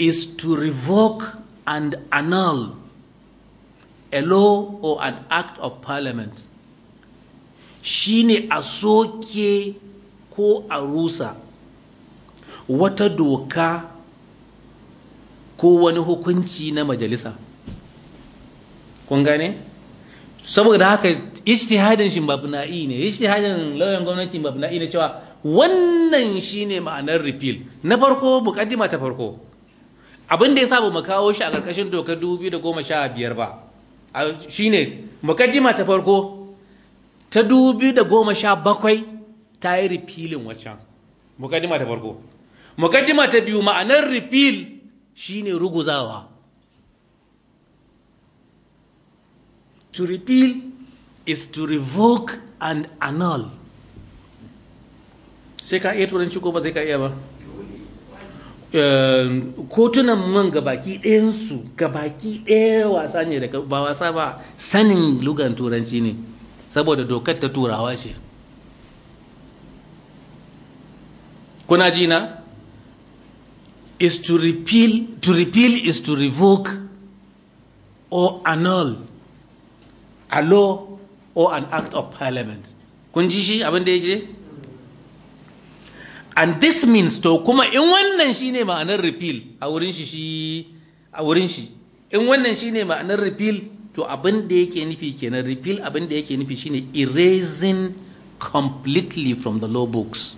is to revoke and annul a law or an act of parliament shi ne a soke ko a rusa wata doka ko wani hukunci na majalisa kun gane saboda haka ijtihadin shi mabna'i ne ijtihadin lauyan gwamnati mabna'i ne cewa wannan shi ne ma'anar repeal na farko bukaddima ta farko abin da ya sa mu kawo shi a ƙarƙashin dokar 2015 ba shi ne mukaddima ta farko ta 2017 ta yi repealing waccan mukaddima ta farko mukaddima ta biyu ma'anar shi ne ruguzawa to repeal is to revoke and annul sai ka iya turanci ko ba zai ka iya ba Eh, kotunan man gabaki ɗayansu gabaki ɗaya wasa ne ba wasa ba sanin lugan turanci ne saboda dokar ta turawa ce kuna ji na is to repeal to repeal is to revoke or annul a law or an act of parliament kun ji shi abin da ya ce and this means to kuma in wannan shine ma'anar repeal a wurin shi shi a wurin shi in wannan shine ma'anar repeal to abin da yake nufi kenan repeal abin da yake nufi shine erasing completely from the law books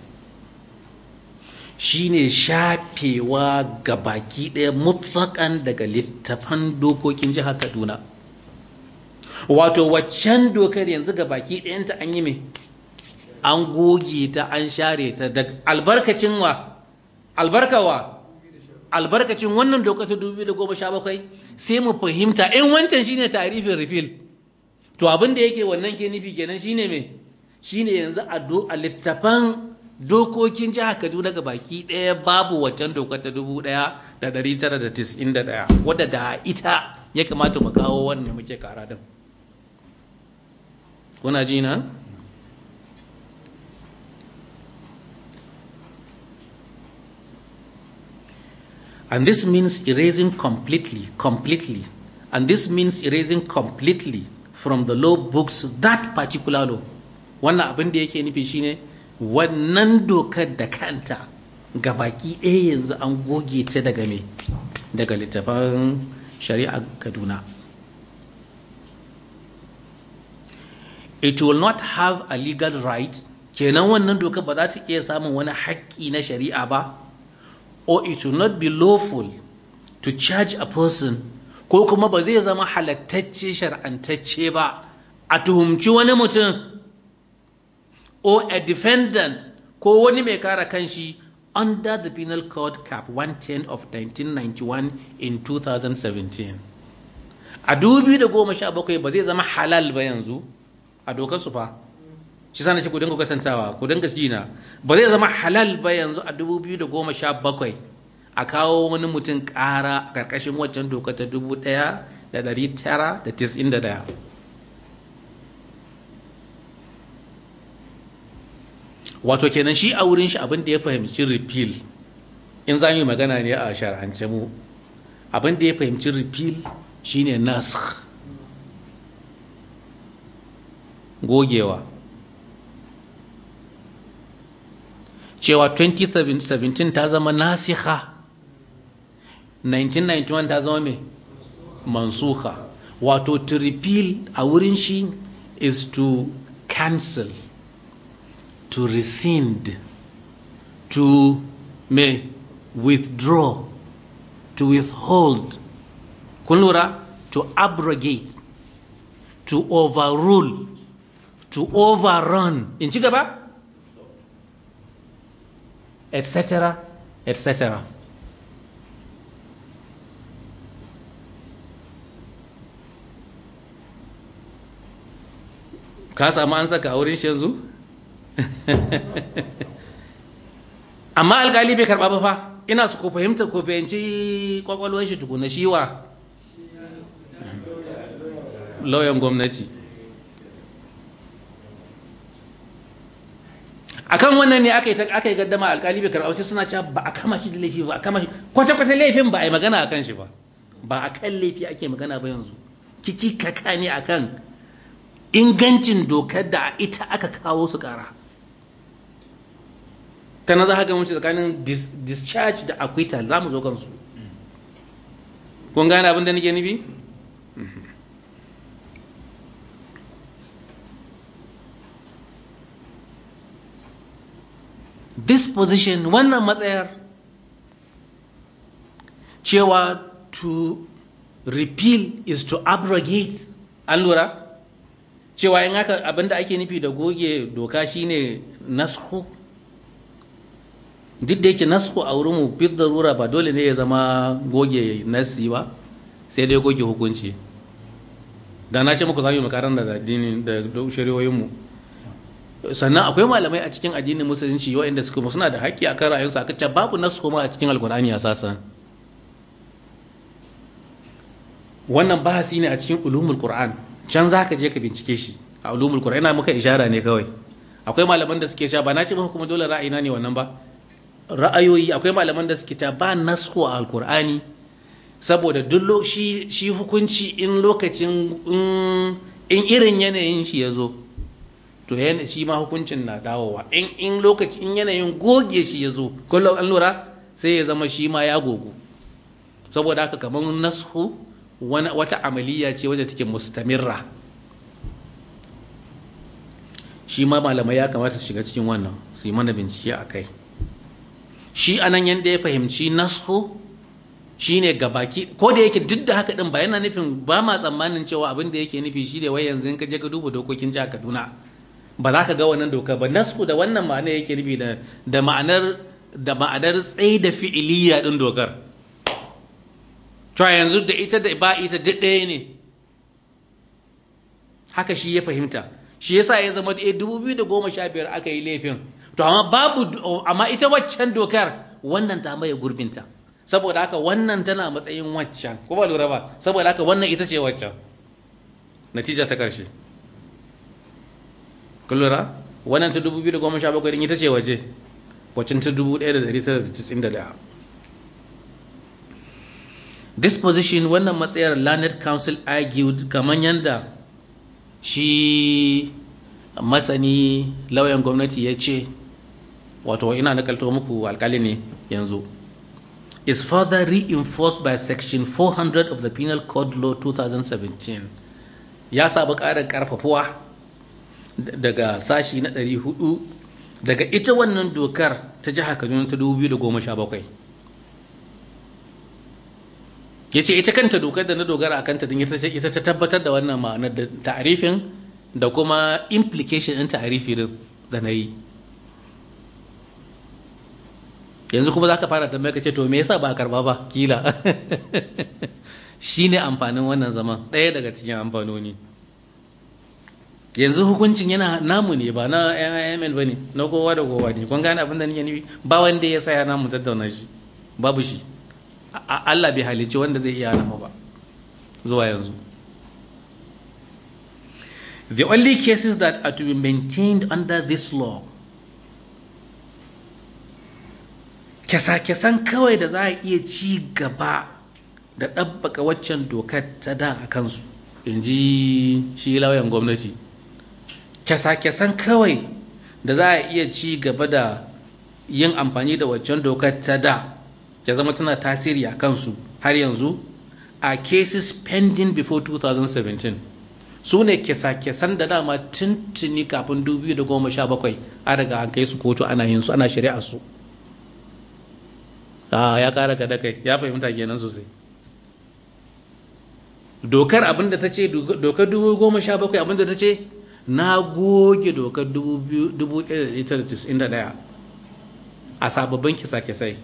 shine shafewa ga baki ɗaya mutlakan daga littafan dokokin jihar kaduna wato waccan dokar yanzu ga baki ɗayanta an yi mai an goge ta an share ta da albarkacin wa albarkawa albarkacin wannan doka ta 2017 sai mu fahimta in wancan shine tarifin refill to abin da yake wannan ke nufi kenan shine me shine yanzu a do a littafan dokokin jihar Kaduna ga baki daya babu wancan doka ta 1991 wadda da ita ya kamata mu kawo wannan muke kara din kuna ji na And this means erasing completely, completely. And this means erasing completely from the law books that particular law. Wannan abin da yake nufi shine wannan dokar da kanta ga baki ɗaya yanzu an goge ta daga me daga littafan shari'a Kaduna. It will not have a legal right kenan wannan dokar ba za ta iya samun wani haƙƙi na shari'a ba or it will not be lawful to charge a person ko kuma ba zai zama halattacce shar'antacce ba a tuhumci wani mutum or a defendant ko wani mai kara kanshi under the penal code cap 110 of 1991 in 2017 a 2017 ba zai zama halal ba yanzu a dokar su fa shi sa nace ku dinga kasantawa ku dinga ba zai zama halal ba yanzu a 2017 a kawo wani mutum ƙara a ƙarƙashin waccan doka ta 1991 wato kenan shi a wurin shi abin da ya fahimci repeal in za yi magana ne a shar'ance mu abin da ya fahimci repeal shine naskh gogewa cewa 2017 ta zama nasiha 1991 ta zama mai mansuha wato to repeal a wurin shi is to cancel to rescind to me withdraw to withhold kun lura to abrogate to overrule to overrun in ci gaba etc etc ka samu an saka wurin shi yanzu amma alkali bai karba ba fa ina su ko fahimta ko fahimci kwakwalwar shi tukuna shiwa lauyan gwamnati akan wannan ne aka yi aka yi gaddama alkali bai karɓa sai suna cewa ba a kama shi da laifi ba a kama shi kwata kwata laifin ba a yi magana kan shi ba ba a kan laifi ake magana ba yanzu kiki kaka ne kan ingancin dokar da ita aka kawo su kara ta na za ka mace tsakanin discharge da acquittal za mu zo kansu kun gane abin da nake nufi mhm. this position wannan matsayar cewa to repeal is to abrogate allura? lura cewa yin haka abinda ake nufi da goge doka shine nasku duk da yake nasku a wurin mu fit darura ba dole ne ya zama goge nasi ba sai dai goge hukunci da na ce muku za mu yi makaranta da addini da shari'o'inmu mu sannan akwai malamai a cikin addinin musulunci waɗanda suke suna da haƙƙi akan rayuwarsu aka ce babu nasu kuma a cikin alkur'ani a sasan wannan bahasi ne a cikin ulumul qur'an can za ka je ka bincike shi a ulumul qur'an ina muka ishara ne kawai akwai malaman da suke cewa ba na ce ba kuma dole ra'ayina ne wannan ba ra'ayoyi akwai malaman da suke cewa ba nasko a alkur'ani saboda duk shi hukunci in lokacin in irin yanayin shi ya zo to yana shi ma hukuncin na dawowa in lokaci in yanayin goge shi ya zo kullum an lura sai ya zama shi ma ya gogu saboda haka kamar nasu wata amaliya ce wajen take mustamirra shi ma malamai ya kamata su shiga cikin wannan su yi mana bincike a kai shi anan yadda ya fahimci nasu ga gabaki ko da yake duk da haka din ba yana nufin ba ma tsammanin cewa abin da yake nufi shi ne wai yanzu in ka je ka duba dokokin jihar Kaduna ba za ka ga wannan doka ba nasku da wannan ma'ana yake nufi da ma'anar da ma'anar tsaye da fi'iliya din dokar cewa yanzu da ita da ba ita duk ne haka shi ya fahimta shi yasa ya zama da eh, dubu biyu da goma sha biyar aka yi laifin to amma babu amma ita waccan dokar wannan ta maye gurbinta saboda haka wannan tana matsayin waccan ko ba lura ba saboda haka wannan ita ce waccan natija ta ƙarshe kun wannan ta 2017 din ita ce waje wacin ta 1991 this position wannan matsayar Learned Council argued kamar yadda shi masani lauyan gwamnati ya ce wato ina nakalto muku alkali ne yanzu is further reinforced by section 400 of the penal code law 2017 ya sabu ƙarin ƙarfafuwa daga sashi na 400 daga ita wannan dokar ta jiha kaduna ta 2017 ya ce ita kanta dokar da na dogara a kanta din ita ta tabbatar da wannan ma'anar da tarifin da kuma implication ɗin tarifi da na yi yanzu kuma za ka fara tambaya ka ce to me yasa ba a karba ba kila Shi ne amfanin wannan zaman ɗaya daga cikin amfanoni yanzu hukuncin yana namu ne ba na IML ba ne na kowa da kowa ne kun gane abin da nake nufi ba wanda ya saya namu tattauna shi babu shi Allah bai halicci wanda zai iya namu ba zuwa yanzu the only cases that are to be maintained under this law Kesa-kesan kawai da za a iya ci gaba da ɗabbaka waccan dokar ta da a kansu in ji shi lauyan gwamnati kyasa-kyasan kawai da za a iya ci gaba da yin amfani da waccan dokar ta da ya zama tana tasiri a kansu har yanzu a cases pending before 2017 su ne kyasa-kyasan da dama tuntuni kafin 2017 an riga an kai su kotu ana yin su ana shari'a su ya kara gada kai ya fahimta kenan sosai dokar abinda ta ce dokar 2017 abinda ta ce na goge dokar 1991 a sababbin kisa-kisai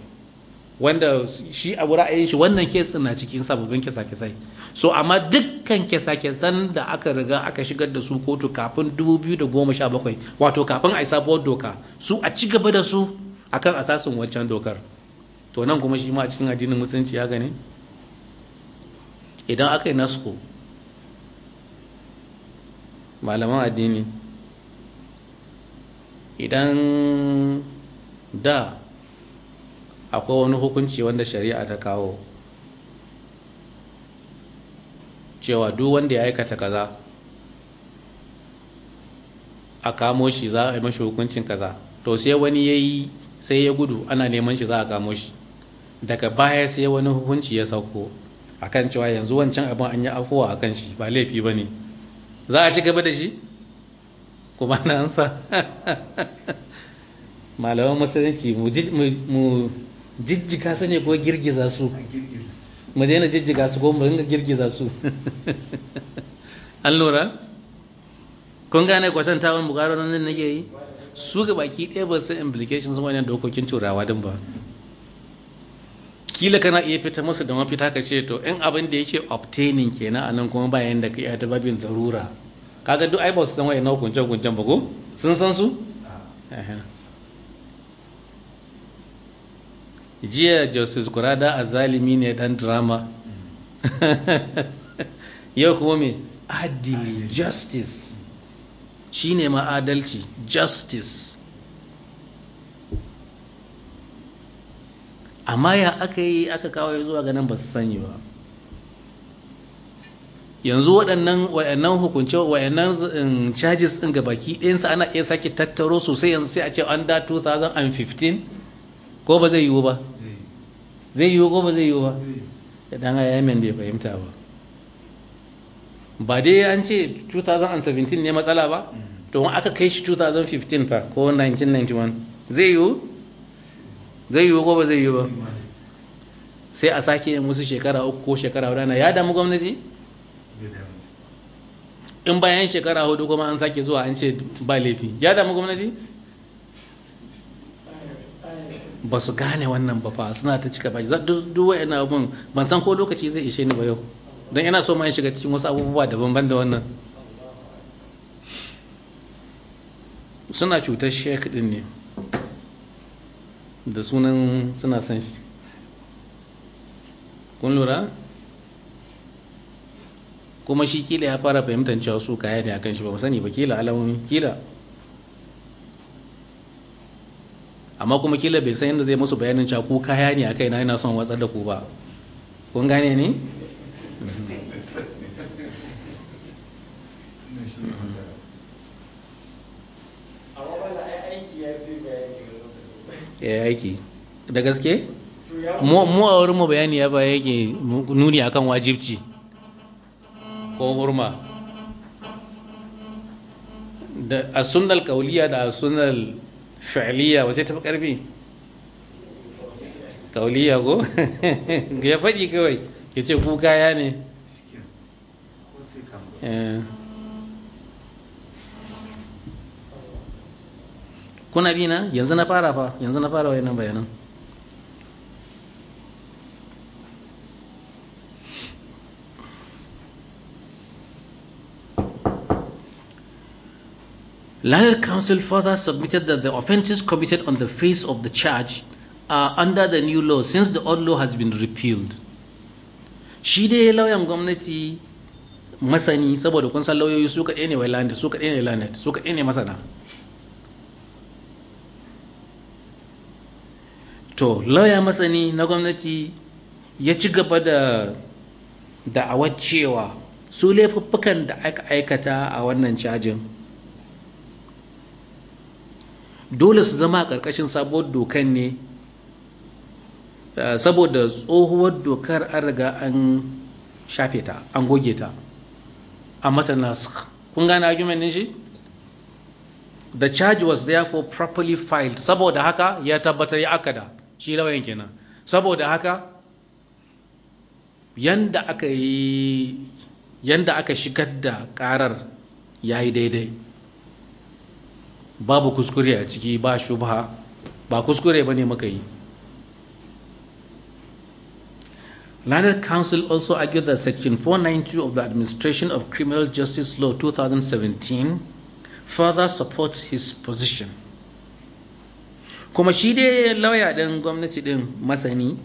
wanda shi a ra'ayin shi wannan kes na cikin sababbin kisa-kisai so amma dukkan kisa-kisan da aka riga aka shigar da su kotu kafin 2017 wato kafin a yi sabuwar doka su a ci gaba da su akan asasin wancan dokar to nan kuma shi ma cikin addinin musulunci ya gani idan aka yi nasko malaman addini idan da akwai wani hukunci wanda shari'a ta kawo cewa duk wanda ya aikata kaza a kamo shi za a yi mashi hukuncin kaza to sai wani ya yi sai ya gudu ana neman shi za a kamo shi daga baya sai wani hukunci ya sauko akan cewa yanzu wancan abin an yi afuwa kan shi ba laifi ba ne za a ci gaba da shi kuma na ansa malaman musulunci mu jijjiga su ne ko girgiza su mu daina jijjiga su ko mu ringa girgiza su an lura kun gane kwatantawan bukarorin da nake yi su ga baki ɗaya ba su implications wani dokokin turawa din ba kila kana iya fita masa da mafita ka ce to in abin da yake obtaining kenan anan kuma bayan da ka iya ta babin darura kaga duk ai ba su san wayan hukuncen hukuncen ba ko sun san su jiya justice kurada a zalimi ne dan drama yau kuma me adili justice shine ma adalci justice amma ya aka yi aka kawo ya zuwa ganin ba su sani ba yanzu waɗannan wayannan hukunce waɗannan um, charges ɗin ga baki ɗayansa ana iya sake tattaro sosai yanzu sai a ce an da 2015 ko ba zai yiwu ba zai yiwu ko ba zai yiwu ba da dan ayamen bai fahimta ba ba dai an ce 2017 ne matsala ba to aka kai shi 2015 fa ko 1991 zai yiwu zai yiwu ko ba zai yiwu ba sai a sake musu shekara uku ko shekara hudu ya damu gwamnati in bayan shekara hudu kuma an sake zuwa an ce ba laifi ya damu gwamnati ba su gane wannan ba fa suna ta cika ba duk yana abin ban san ko lokaci zai ishe ni ba yau don yana so ma in shiga cikin wasu abubuwa daban-ban da wannan suna cutar shek din ne da sunan suna san shi kun lura kuma shi kila ya fara fahimtar cewa su kaya ne akan shi ba sani ba kila alamomi kila amma kuma kila bai san yadda zai musu bayanin cewa ku kaya ne akai na yana son watsar da ku ba kun gane ne ya yake da gaske mu a wurin mu bayani ya ba yake nuni akan wajibci ko hurma da a sunnal kauliya da a sunnal fi'liya wace tafi karfi kauliya ko ya faɗi kawai ya ce kuka ya ne kuna bi na yanzu na fara fa yanzu na fara wayannan bayanan Legal Council further submitted that the offences committed on the face of the charge are under the new law since the old law has been repealed. Shi dai lauyan gwamnati masani saboda kun san lauyoyi su kaɗai ne wai landed su kaɗai ne landed su kaɗai ne masana to lauya matsani na gwamnati ya ci gaba da da'awar cewa su laifuffukan da aka aikata a wannan cajin dole su zama a ƙarƙashin sabuwar dokar ne eh, saboda tsohuwar dokar an riga an shafe ta an goge ta a mata kun gane argumentin shi the charge was therefore properly filed saboda haka ya tabbatar ya akada shi rawayin kenan saboda haka yanda aka yi yanda aka shigar da karar ya yi daidai babu kuskure a ciki ba shubha ba kuskure ba ne muka yi Landed Council also argued that Section 492 of the Administration of Criminal Justice Law 2017 further supports his position. kuma shi dai lauya ɗin gwamnati ɗin masani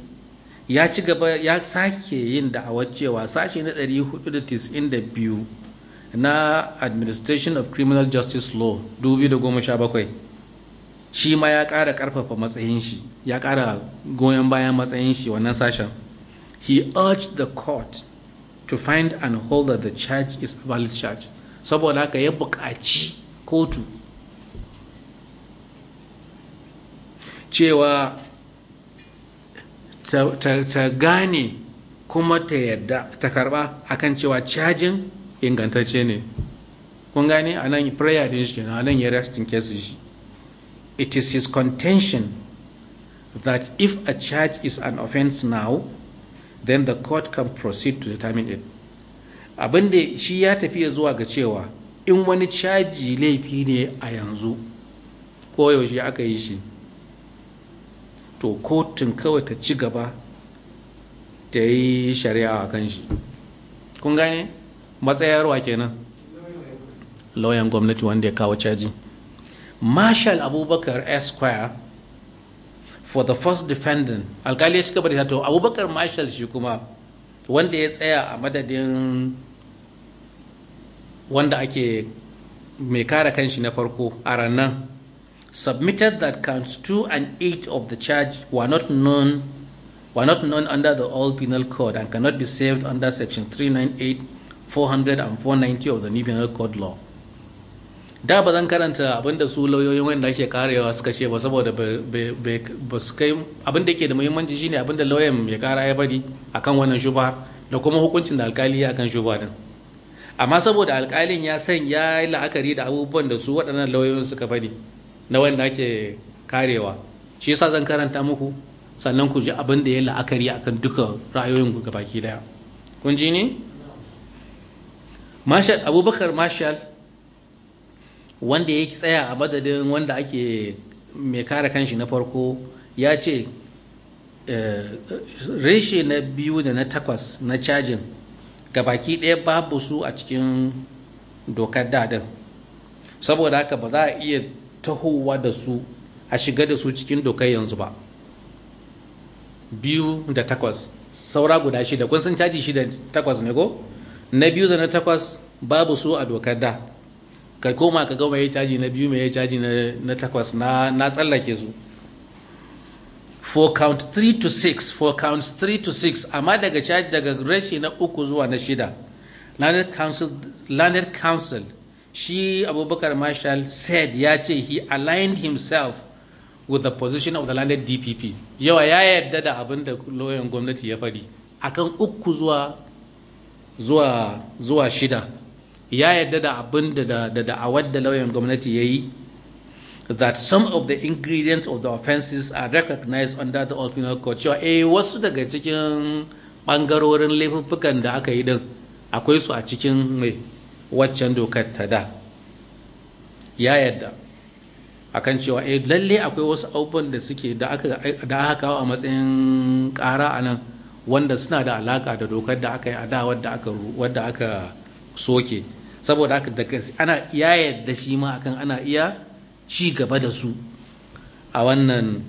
ya ci gaba ya sake yin da'awar cewa sashe na 492 na administration of criminal justice law 2017 shi ma ya ƙara ƙarfafa matsayin shi ya ƙara goyon bayan matsayin shi wannan sashen he urged the court to find and hold that the charge is valid charge saboda haka ya buƙaci kotu cewa ta, gane kuma ta yadda ta karba akan cewa cajin ingantacce ne kun gane a nan prayer din shi a nan ya restin case shi it is his contention that if a charge is an offense now then the court can proceed to determine it abin da shi ya tafi zuwa ga cewa in wani caji laifi ne a yanzu ko yaushe aka yi shi to kotun kawai ta ci gaba ta yi shari'a a kan shi kun gane matsayarwa kenan lauyan gwamnati wanda ya kawo caji marshal abubakar esquire for the first defendant alkali ya ci gaba da to abubakar marshal shi kuma wanda ya tsaya a madadin wanda ake mai kare kanshi na farko a ranar submitted that counts two and eight of the charge were not known were not known under the old penal code and cannot be saved under section 398 400 and 490 of the new penal code law da ba zan karanta abin da su lauyoyin wanda ake karewa suka ce ba saboda ba su kai abin da ke da muhimmanci shine abin da lauyan ya kara ya bari akan wannan shuba da kuma hukuncin da alkali ya akan shuba din amma saboda alkalin ya san ya yi la'akari da abubuwan da su waɗannan lauyoyin suka bari na wanda ake karewa shi yasa zan karanta muku sannan ku ji abin da ya la'akari a kan duka ra'ayoyin ku gabaki daya kun ji ni marshal abubakar marshal wanda ya tsaya a madadin wanda ake mai kare kanshi na farko ya ce eh, reshe na biyu da na takwas na cajin ga baki ɗaya babu su a cikin dokar dadin saboda haka ba za a iya tahowa da su a shiga da su cikin dokar yanzu ba biyu da takwas saura guda shida kun san caji shida takwas ne ko na biyu da na takwas babu su a dokar da ka koma ka ga mai caji na biyu mai caji na takwas na tsallake su 4 count 3 to 6 for count 3 to 6 amma daga caji daga rashi na uku zuwa na shida landed council landed council shi abubakar marshall said ya ce he aligned himself with the position of the landed dpp yawa ya yarda da abin da lauyan gwamnati ya faɗi akan uku zuwa zuwa zuwa shida ya yarda da abin da da'awar da lauyan gwamnati ya yi that some of the ingredients of the offenses are recognized under the old penal code cewa eh wasu daga cikin bangarorin laifuffukan da aka yi din akwai su a cikin mai waccan dokar ta da ya yadda akan cewa eh lalle akwai wasu abubuwan da suke da aka kawo a matsayin ƙara a nan wanda suna da alaka da dokar da aka yi a da wadda aka soke saboda haka daga ana ya yadda shi ma akan ana iya ci gaba da su a wannan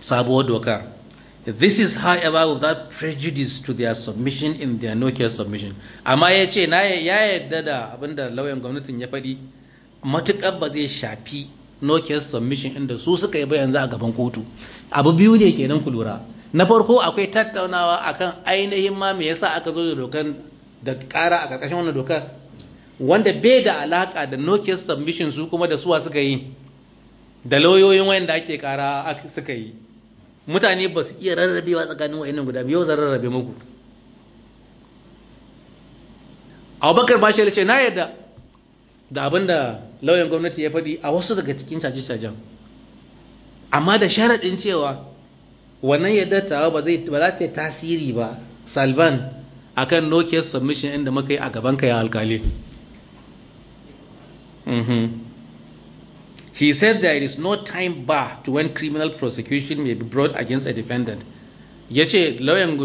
sabuwar dokar this is however without prejudice to their submission in their no care submission amma ya ce na ya yarda da abinda lauyan gwamnatin ya faɗi matuƙar ba zai shafi no care submission inda su suka yi yanzu a gaban kotu abu biyu ne kenan ku lura na farko akwai tattaunawa akan ainihin ma me yasa aka zo da dokan da ƙara a ƙarƙashin wannan dokar wanda bai da alaƙa da no care submission su kuma da suwa suka yi da lauyoyin wayanda ake ƙara suka yi mutane ba su iya rarrabewa tsakanin wa'annan guda biyu zan rarrabe muku abubakar ba shi ce na yadda da abin da lauyan gwamnati ya faɗi a wasu daga cikin caje-cajen amma da sharaɗin cewa wannan yadda tawa ba za ta yi tasiri ba salban akan no case submission inda muka yi a gabanka ya alkali. Mhm. He said there is no time bar to when criminal prosecution may be brought against a defendant. Ya ce lauyan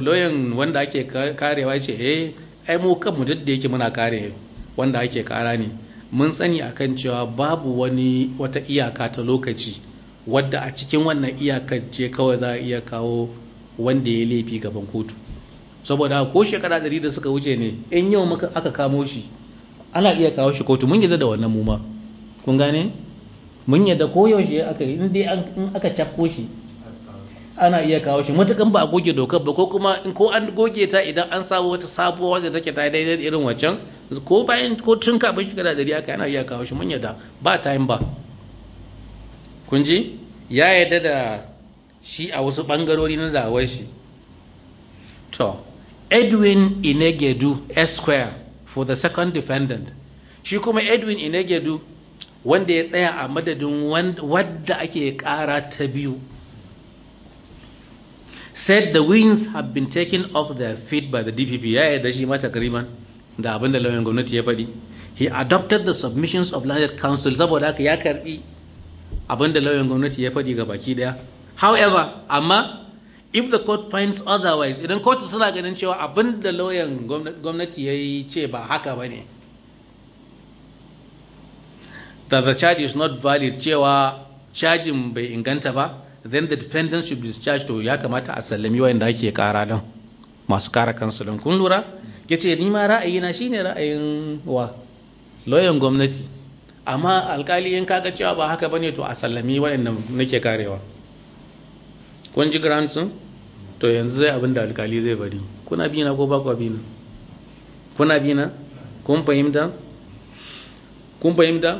wanda ake karewa ce, eh, ai mu kan mu da yake muna kare wanda ake kara ne. Mun sani akan cewa babu wani wata iyaka ta lokaci wadda a cikin wannan iyakar ce kawai za a iya kawo wanda ya laifi gaban kotu. Saboda ko shekara ɗari da suka wuce ne, in yau aka kamo shi, ana iya kawo shi kotu mun yadda da wannan muma. Kun gane? mun yadda koyaushe aka yi in aka cafko shi ana iya kawo shi matukan ba a goge dokar ba ko kuma ko an goge ta idan an samu wata sabuwa wadda take ta daidai irin wancan ko bayan ko tun kafin shiga da dari aka ana iya kawo shi mun yadda ba time ba kun ji ya yadda da shi a wasu bangarori na dawar shi to edwin inegedu esquire for the second defendant shi kuma edwin inegedu wanda ya tsaya a madadin wadda ake kara ta biyu said the wins have been taken off their feet by the dpp ya yarda shi mata takriman da abin da lauyan gwamnati ya faɗi he adopted the submissions of landed council saboda haka ya karbi abin da lauyan gwamnati ya faɗi ga baki daya however amma if the court finds otherwise idan kotu suna ganin cewa abin da lauyan gwamnati ya yi ce ba haka ba ne that the charge is not valid cewa cajin bai inganta ba then the defendant should be discharged to ya kamata a sallami wayanda ake kara don masu kara kansu don kun lura ya ce ni ma ra'ayina shine ra'ayin wa lauyan gwamnati amma alkali in kaga cewa ba haka bane to a sallami waɗanda nake karewa kun ji grantsun to yanzu zai abin da alkali zai bari kuna bina ko ba ku bina kuna bina kun fahimta kun fahimta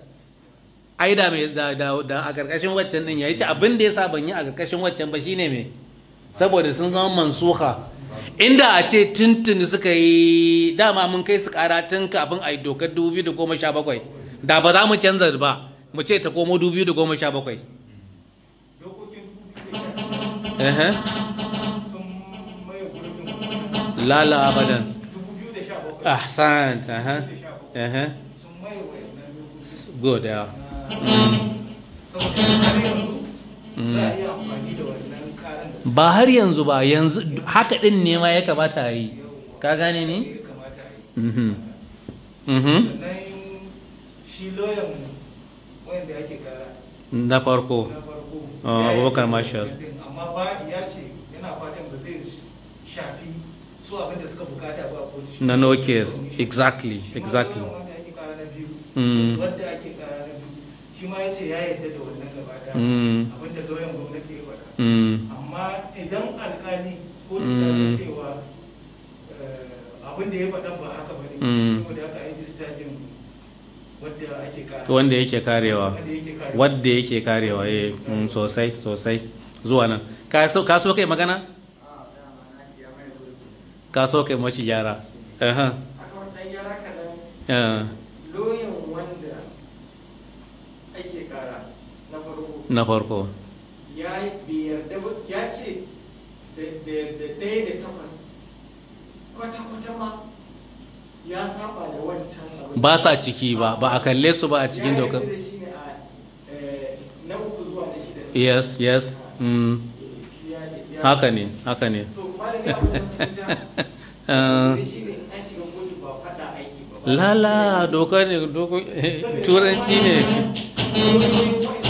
ai da mai da a karkashin waccan din yayi ci abin da yasa ban yi a karkashin waccan ba shine me saboda sun zama mansuha inda a ce tuntuni suka yi dama mun kai su kara tun kafin a yi dokar 2017 da ba za mu canza ba mu ce ta komo 2017 lala abadan ahsan aha aha good yeah. ba har yanzu ba yanzu haka din ne ma ya kamata yi ka gane ne? shi loyan wanda ake kara na farko oh, abubakar marshal amma ba ya ce yana fatan ba zai shafi su abin da suka bukata ba na no case exactly exactly wanda ake mm. shi ma ya ce ya yarda da wannan gaba daya mm. da lauyan gwamnati ya faɗa mm. amma idan alkali ko ta mm. cewa eh, abin da ya faɗa ba haka ba ne saboda haka ai discharging wanda yake karewa Wanda yake karewa eh sosai sosai zuwa nan ka so kai magana ka so kai mashi gyara loyin na farko ya yarda ya ce da ɗaya da takwas kwata-kwata ma ya saba da wancan abin ba sa ciki ba ba a kalle su ba a cikin dokar eh, yes yes mm. haka ne haka ne lala uh. dokar ne eh, turanci ne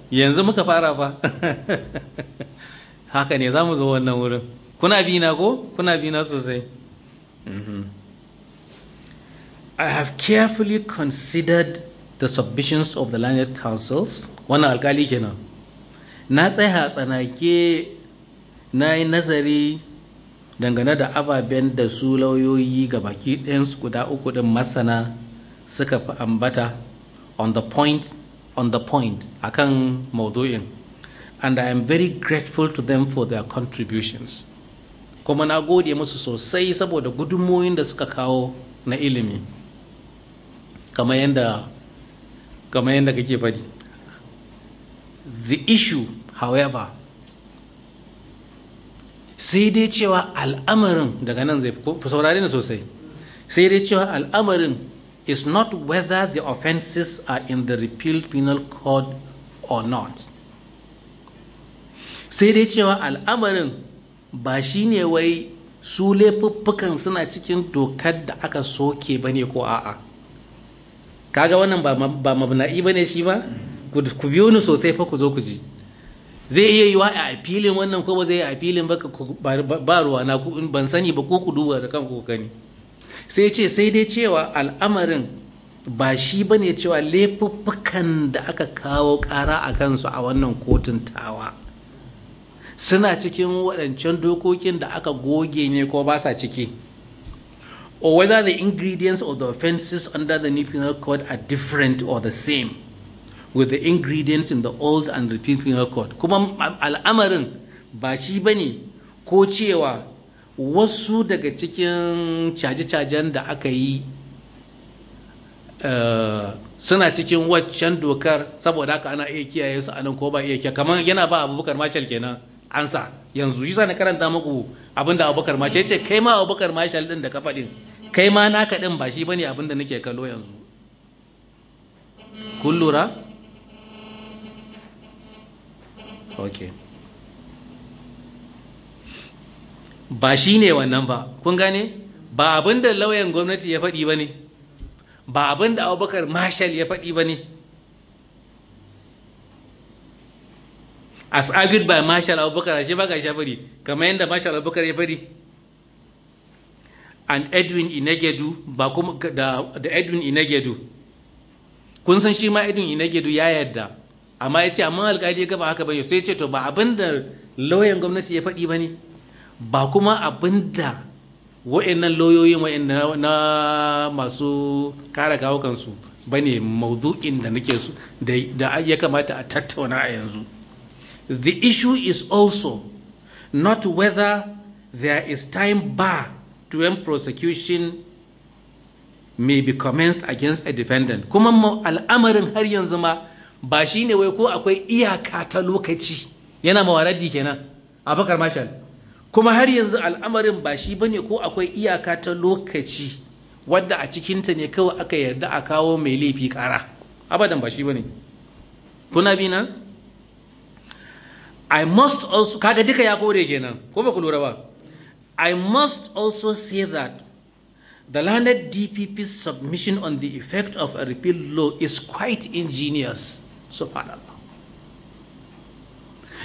yanzu muka fara fa, haka ne za mu zo wannan wurin kuna bina ko kuna bina sosai mm-hmm. I have carefully considered the submissions of the landed councils wannan alkali kenan na tsaya tsanake na yi nazari dangane da ababen da su lauyoyi ga baki ɗayansu guda uku ɗin masana suka fi ambata on the point on the point akan maudu'in and I am very grateful to them for their contributions kuma na gode musu sosai saboda gudunmoyin da suka kawo na ilimi kamar yadda kamar yadda kake faɗi the issue however sai dai cewa al'amarin daga nan zai fi saurari na sosai sai dai cewa al'amarin is not whether the offenses are in the repealed penal code or not sai dai cewa al'amarin ba shi ne wai su laifuffukan suna cikin dokar da aka soke ba ne ko a'a kaga wannan ba mabna'i ba ne shi ba ku biyo ni sosai fa ku zo ku ji zai iya yiwa a filin wannan ko ba zai yi a filin ba ba ruwa na ban sani ba ko ku duba da kanku ku sai ce sai dai cewa al'amarin ba shi ba ne cewa laifuffukan da aka kawo ƙara a kansu a wannan kotun tawa suna cikin waɗancan dokokin da aka goge ne ko ba sa ciki or whether the ingredients of the offenses under the new penal code are different or the same with the ingredients in the old and the penal code kuma al'amarin ba shi ba ne ko cewa wasu daga cikin caje-cajen da aka yi eh, suna cikin waccan dokar saboda haka ana iya kiyaye su anan ko ba iya kiyaye kamar yana ba abubakar mashal kenan ansa yanzu shi na karanta muku abinda abubakar mashal ce kai ma abubakar mashal din da ka faɗin kai ma naka din ba shi bane abinda nake kallo yanzu kun lura okay ba shi ne wannan ba kun gane ba abin da lauyan gwamnati ya faɗi ba ne ba abin da abubakar Marshall ya faɗi ba ne as argued by Marshall abubakar shi ba ga shi faɗi kamar yadda Marshall abubakar ya faɗi and edwin inegedu ba kuma da, da edwin inegedu kun san shi ma edwin inegedu ya yadda, amma ya ce amma alƙali ya gaba haka bane sai ya ce to ba abin da lauyan gwamnati ya faɗi ba ne ba kuma abin da wa'annan lauyoyin na masu kare kawukansu ba ne maudu'in da nake su da ya kamata a tattauna a yanzu the issue is also not whether there is time bar to when prosecution may be commenced against a defendant kuma al'amarin har yanzu ma ba shine wai ko akwai iyaka ta lokaci yana mawaradi kenan abakar marshal kuma har yanzu al'amarin ba shi bane ko akwai iyaka ta lokaci wadda a cikinta ne kawai aka yarda a kawo mai laifi kara abadan ba shi bane kuna bi nan i must also kaga duka ya kore kenan ko ba ku lura ba i must also say that the landed dpp's submission on the effect of a repeal law is quite ingenious subhanallah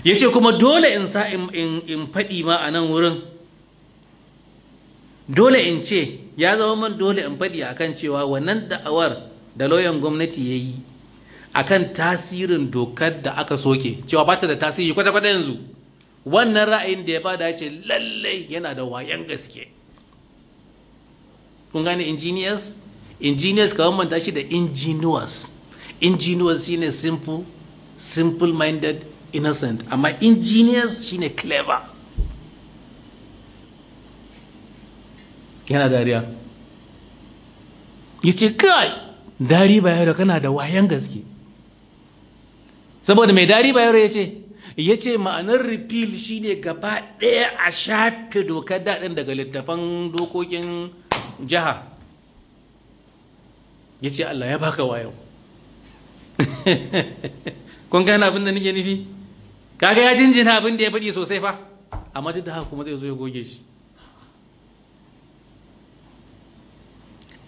ya ce kuma dole in sa in faɗi ma a nan wurin dole in ce ya zama man dole in faɗi a kan cewa wannan da'awar da lauyan gwamnati ya yi a kan tasirin dokar da aka soke cewa ba ta da tasiri kwata-kwata yanzu wannan ra'ayin da ya bada ce lallai yana da wayan gaske kun gane engineers engineers ka manta shi da engineers. Ingenious shine simple simple minded innocent amma ingenious shine clever yana dariya ya ce kai dari ba yaro kana da wayan gaske saboda mai dari ba yaro ya ce ya ce ma'anar repeal shine gaba ɗaya a shafe dokar daɗin daga littafan dokokin jiha ya ce allah ya baka wayo kun gane abin da nake nufi kaga ya jinjina abin da ya faɗi sosai fa amma duk haka kuma zai zo ya goge shi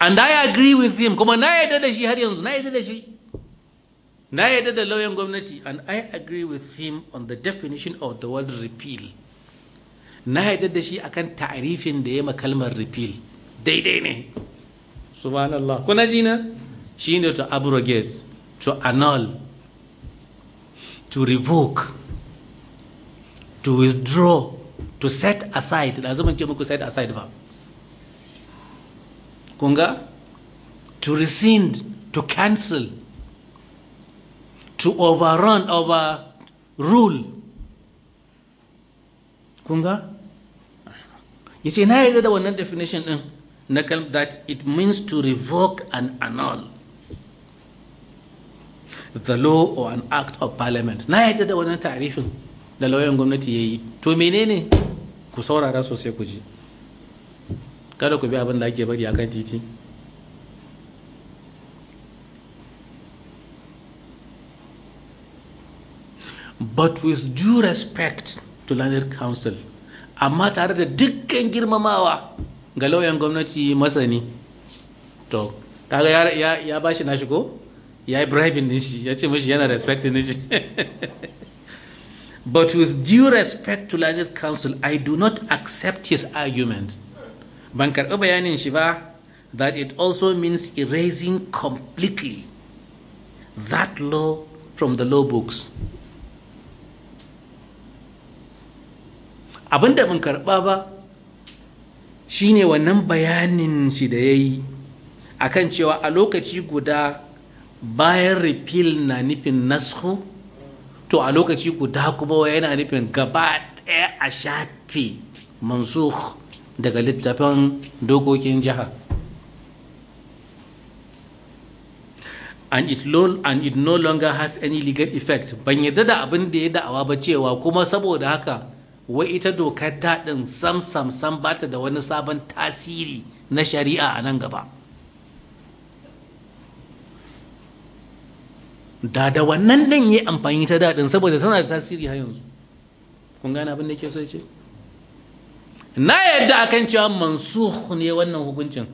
and I agree with him kuma na yarda da shi har yanzu na yarda da shi na yarda da lauyan gwamnati and I agree with him on the definition of the word repeal na yarda da shi akan ta'arifin da ya kalmar repeal daidai ne subhanallah kuna ji na shine to abrogate to annul to revoke to withdraw to set aside da zaman ce muku set aside ba kunga to rescind to cancel to overrun over rule kunga ya ce na yarda da wannan definition din na kalm that it means to revoke and annul the law or an act of parliament na yarda da wannan tarifin da lauyan gwamnati ya yi to menene ku saurara sosai ku ji kada ku bi abin da ake bari a kan titi but with due respect to learned council amma tare da dukkan girmamawa ga lauyan gwamnati masani to kaga ya, ya, bashi nashi ko ya yi bribing din shi ya ce mashi yana respecting din shi But with due respect to learned counsel, I do not accept his argument. Ban karɓi oh, bayanin shi ba that it also means erasing completely that law from the law books. abinda ban karɓa ba shine wannan bayanin shi da ya yi akan cewa a lokaci guda bayan repeal na nufin nasko to a lokaci guda kuma yana nufin gaba ɗaya a shafi mansukh daga littafin dokokin jiha and it, and no longer has any legal effect ban yadda da abin da ya da'awa ba cewa kuma saboda haka wai ita dokar ta ɗin sam sam sam bata da wani sabon tasiri na shari'a a nan gaba da da wannan ɗin yi amfani ta daɗin saboda tana da tasiri har yanzu kun gane abin da ke so ce na yadda akan cewa mansukh ne wannan hukuncin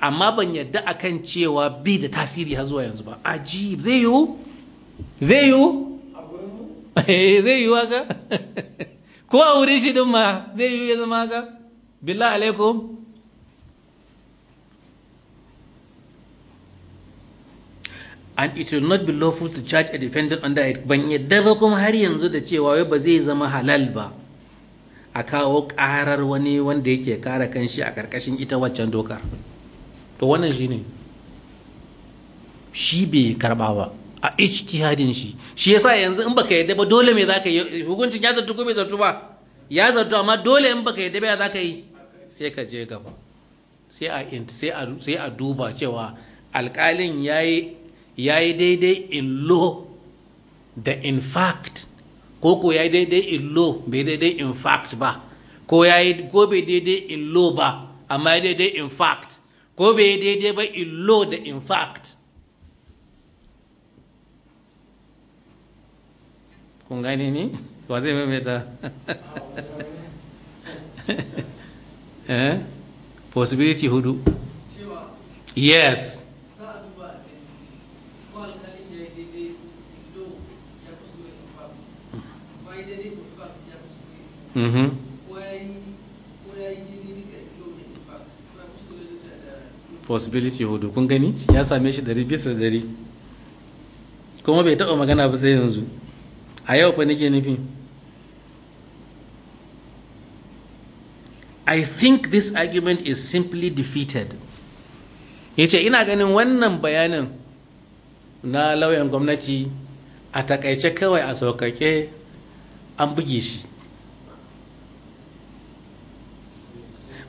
amma ban yadda akan cewa bi da tasiri har zuwa yanzu ba ajib zai yiwu zai yiwu eh, zai yiwu haka ko a wurin shi din ma zai yiwu ya zama haka billah alaikum and it will not be lawful to charge a defendant under it ban yadda ba kuma har yanzu da cewa wai ba zai zama halal ba a kawo karar wani wanda yake kare kanshi a karkashin ita waccan dokar to wannan shi ne shi bai karba ba a ijtihadin shi shi yasa yanzu in baka yadda ba dole me zaka yi hukuncin ya zartu ko bai zartu ba ya zartu amma dole in baka yadda ba zaka yi sai ka je gaba sai a sai a duba cewa ya yayi ya yi daidai in law da in fact ko ko ya yi daidai in law bai daidai in fact ba ko ya yi ko bai daidai in law ba amma ya daidai in fact ko bai daidai ba in law da in fact kun gane ni wa zai maimaita eh? possibility hudu yes Mm-hmm. possibility hudu kun gani ya same shi dari bisa dari kuma bai taɓa magana ba sai yanzu a yau fa nake nufi I think this argument is simply defeated. Ya ce, ina ganin wannan bayanin na lauyan gwamnati a takaice kawai a saukake an buge shi.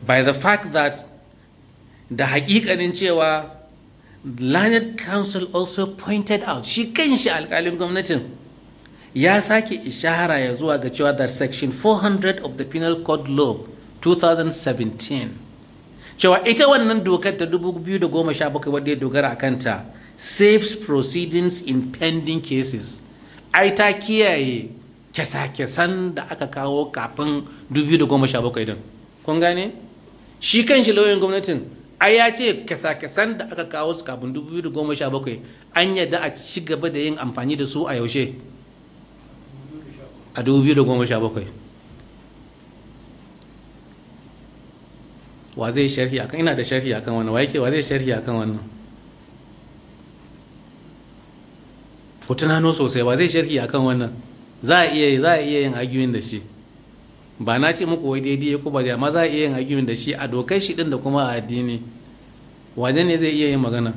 by the fact that da hakikanin cewa Leonard Council also pointed out shi kanshi alkalin gwamnatin ya sake ishara ya zuwa ga cewa that section 400 of the penal code law 2017 cewa ita wannan dokar ta 2017 wadda ya dogara a kanta saves proceedings in pending cases ai ta kiyaye kyasa-kyasan da aka kawo kafin 2017 din kun gane? shi kan shi lauyoyin gwamnatin a ya ce kasa-kasan da aka kawo su kafin 2017 an yadda a ci gaba da yin amfani da su a yaushe a 2017 wa zai sharhi akan ina da sharhi akan wannan wa yake wa zai sharhi akan wannan fotunano sosai wa zai sharhi akan wannan za a iya yin arguing da shi ba na ce muku wai daidai ko ba amma za a iya yin argument da shi a dokar shi din da kuma a addini wane ne zai iya yin magana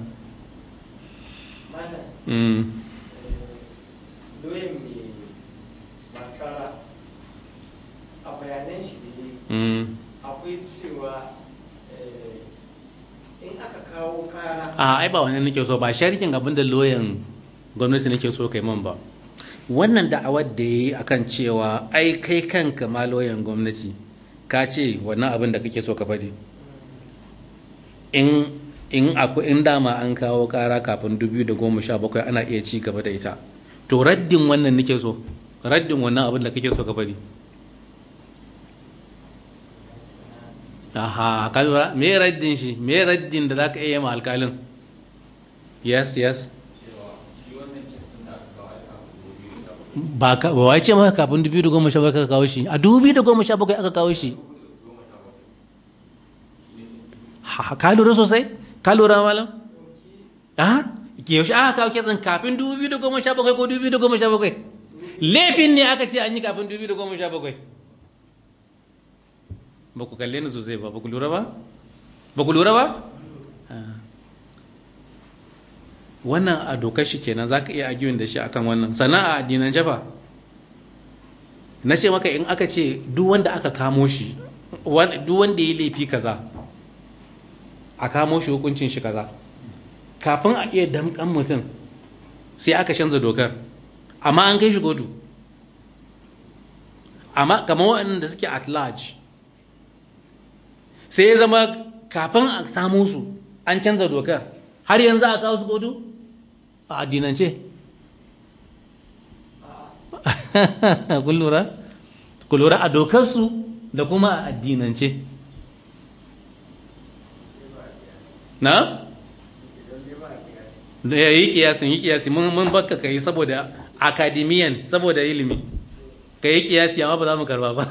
mm. eh, a mm. eh, ai ba wani nake so ba sharhin abin da loyan gwamnati nake so kai man ba wannan da'awar da ya yi kan cewa ai kai kanka maloyan gwamnati ka ce wannan abin da kake so ka faɗi in in akwai in dama an kawo kara kafin 2017 ana iya ci gaba da ita to raddin wannan nake so raddin wannan abin da kake so ka faɗi aha kalwa me raddin shi me raddin da za ka iya ma alkalin yes yes ba wa ce maka kafin 2017 aka kawo shi a 2017 aka kawo shi ka lura sosai ka lura malam a ke yaushe aka kawo kezin kafin 2017 ko 2017 laifin ne aka ce an yi kafin 2017 ba ku kalle ni sosai ba ba ku lura ba ba ku lura ba wannan a dokar shi kenan za ka iya arguing da shi akan wannan sana'a addinan jaba na ce maka in aka ce duk wanda aka kamo shi duk wanda ya laifi kaza a kamo shi hukuncin shi kaza kafin a iya damkan mutum sai aka canza dokar amma an kai shi godu amma kamar waɗanda suke at large sai ya zama kafin a samu su an canza dokar har yanzu a kawo su godu a addinance ku lura a dokarsu da kuma a addinance na? da yi kiyasin yi kiyasi mun baka ka yi saboda akadimiyan saboda ilimi ka yi kiyasi amma ba za mu karba ba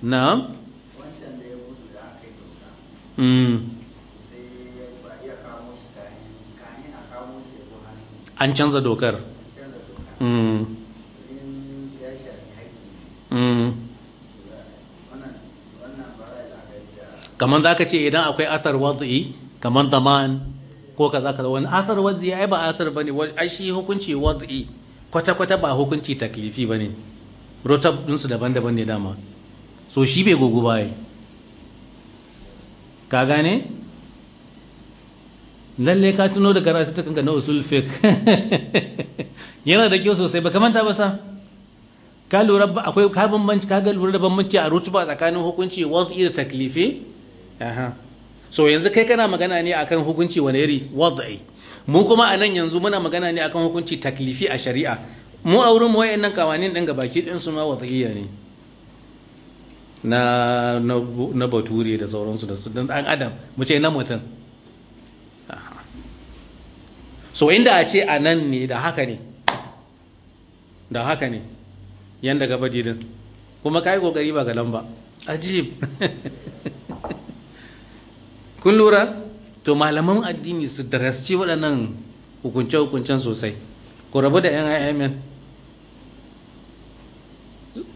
na'am Mm. an canza dokar mm. mm. kamar za ka ce idan akwai asar wadda'i kamar zaman ko ka za ka wani asar wadda'i ai ba asar ba ne ai shi hukunci wadda'i kwata-kwata ba hukunci taklifi ba ne rotabinsu daban-daban ne dama so shi bai gugu ba yi ka gane lalle ka tuno da karatu ta kanka na usul fake. yana da kyau sosai ba kamanta ba sa ka lura ba akwai ka bambanci ka ga lura da bambanci a rutuba tsakanin hukunci wadda da taklifi aha so yanzu kai kana magana ne akan hukunci wani iri wad'i mu kuma a nan yanzu muna magana ne akan hukunci taklifi a shari'a mu a wurin mu wayannan kawanin din gabaki din su ma wad'iyya ne na na bature da sauransu da su dan adam mu ce na mutum so inda a ce a nan ne da haka ne da haka ne yanda gaba didin kuma ka yi kokari ba ga lamba ajib kun lura to malaman addini su darasci waɗannan hukunce-hukuncen sosai ku rabu da yan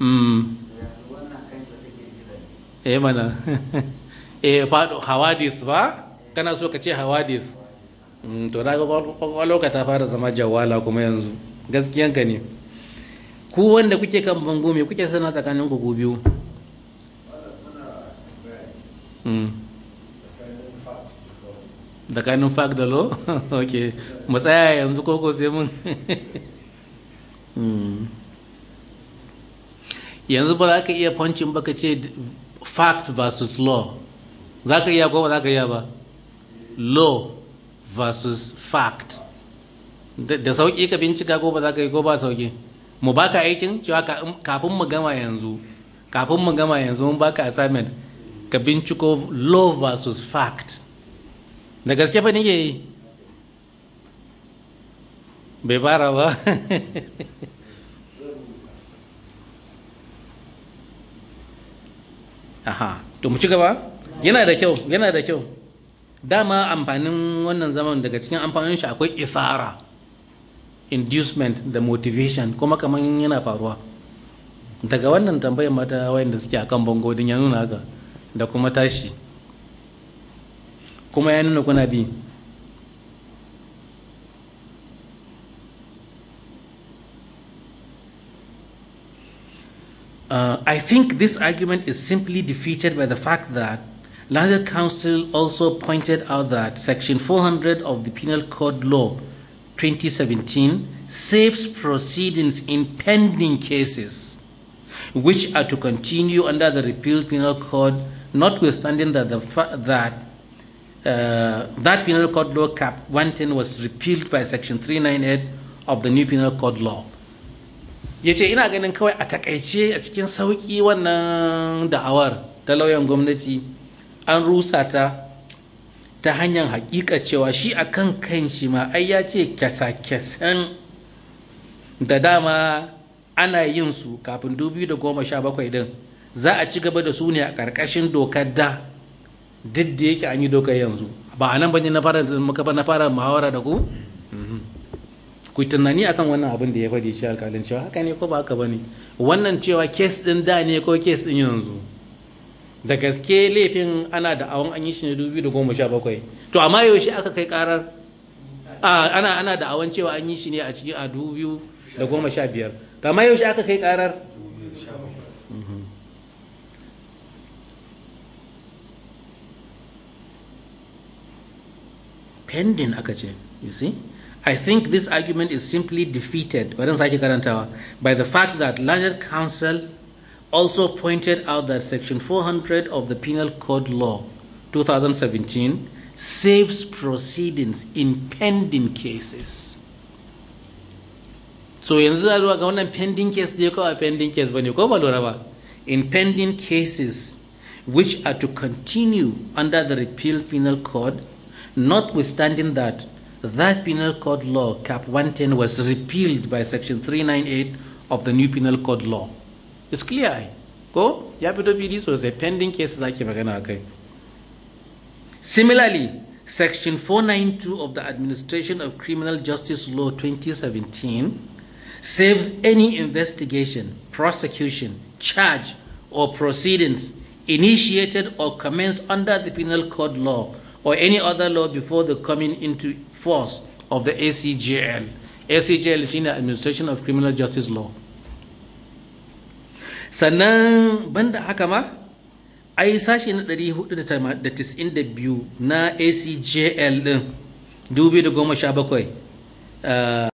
Mm. eh mana eh faɗo hawadis ba kana so ka ce hawadis mm, to na kwakwalwa ta fara zama jawala kuma yanzu ka ne ku wanda kuke kan bango me kuke sana tsakanin ku biyu mm. tsakanin fak da lo ok tsaya yanzu koko sai mun yanzu ba za ka iya fancin ba ka ce fact versus law za ka iya ko ba za ka iya ba law versus fact da sauƙi ka bincika ko ba za ka yi ko ba sauƙi mu ba ka aikin cewa kafin mu gama yanzu kafin mu gama yanzu mun baka assignment ka binciko law versus fact da gaske fa nike yi bai fara ba aha to mu ci gaba yana da kyau yana da kyau dama amfanin wannan zaman daga cikin amfanin shi akwai ifara inducement da motivation kuma kamar yana faruwa daga wannan tambayar mata wayanda suke akan bango din ya nuna haka da kuma tashi kuma ya nuna kuna bi Uh, I think this argument is simply defeated by the fact that Landed Council also pointed out that Section 400 of the Penal Code Law 2017 saves proceedings in pending cases which are to continue under the repealed Penal Code, notwithstanding that the fa- that uh, that Penal Code Law Cap 110 was repealed by Section 398 of the new Penal Code Law. ya ce ina ganin kawai a takaice a cikin sauƙi wannan da'awar ta lauyan gwamnati an rusa ta ta hanyar hakika cewa shi a kan kan shi ma ai ya ce kyasa-kyasan da dama ana yin su kafin 2017 din za a ci gaba da su ne a ƙarƙashin dokar da duk da yake an yi dokar yanzu ba a nan na fara na fara muhawara da ku ku tunani akan wannan abin da ya faɗi shi alƙalin cewa haka ne ko ba haka bane wannan cewa kes din da ne ko kes din yanzu da gaske laifin ana da awon an yi shi ne 2017 to amma yaushe aka kai karar ana ana da awon cewa an yi shi ne a cikin a 2015 to amma yaushe aka kai karar pending aka ce you see I think this argument is simply defeated by the fact that Learned Council also pointed out that Section 400 of the Penal Code Law 2017 saves proceedings in pending cases. So in za zuwa ga pending case dai ko pending case In pending cases which are to continue under the repeal penal code notwithstanding that that Penal Code law, Cap 110, was repealed by Section 398 of the new Penal Code law. It's clear. Eh? Ko ya fito fili sosai pending cases ake magana a kai. Similarly, Section 492 of the Administration of Criminal Justice Law 2017 saves any investigation, prosecution, charge, or proceedings initiated or commenced under the Penal Code law or any other law before the coming into force of the ACJL. ACJL is in the Administration of Criminal Justice Law. Sannan banda haka ma, ai sashi na 492 na ACJL ɗin 2017